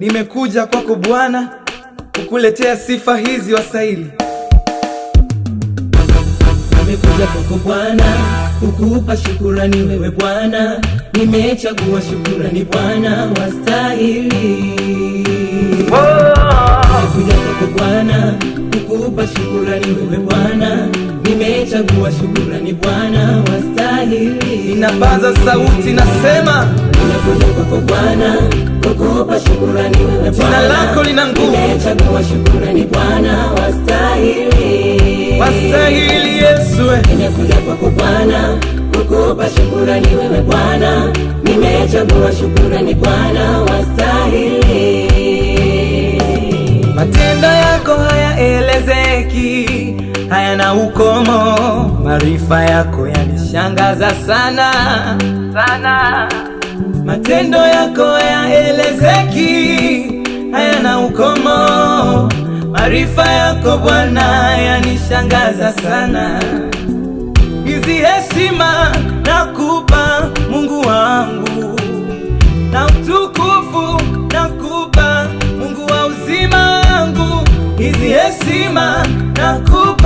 Nimekuja kwako Bwana kukuletea sifa hizi wasaili. Nimekuja kwako Bwana kukupa shukurani, wewe Bwana nimechagua shukurani, Bwana wastahili. Nimekuja kwako Bwana kukupa shukurani wewe Bwana, nimechagua shukurani Bwana, wastahili. Ninapaza sauti nasema, ninakulipa kwa Bwana, kukupa shukurani wewe Bwana, jina lako lina nguvu. Nimechagua shukurani Bwana, wastahili, wastahili Yesu, eh. ninakulipa kwa Bwana, kukupa shukurani wewe Bwana, nimechagua shukurani Bwana haki hayana ukomo, maarifa yako yanishangaza sana sana, matendo yako yaelezeki, hayana ukomo, maarifa yako Bwana yanishangaza sana, hizi heshima nimezima na ku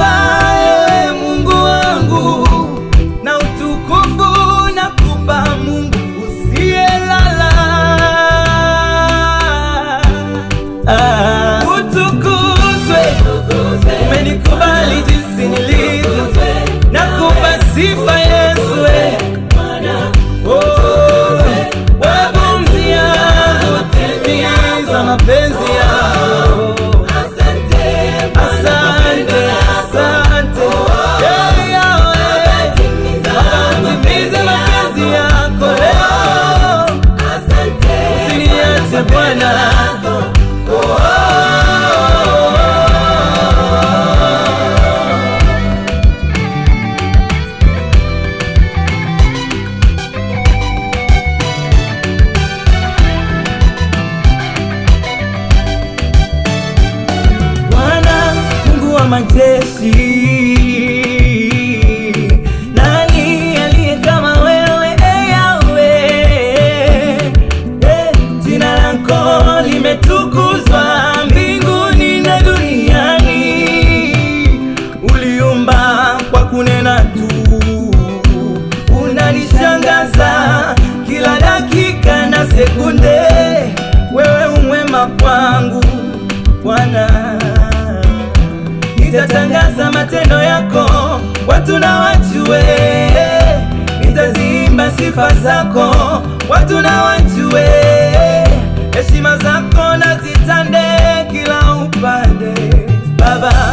my blessing. nitatangaza matendo yako, watu na wajue. Nitaziimba sifa zako, watu na wajue. Heshima zako na zitande kila upande Baba.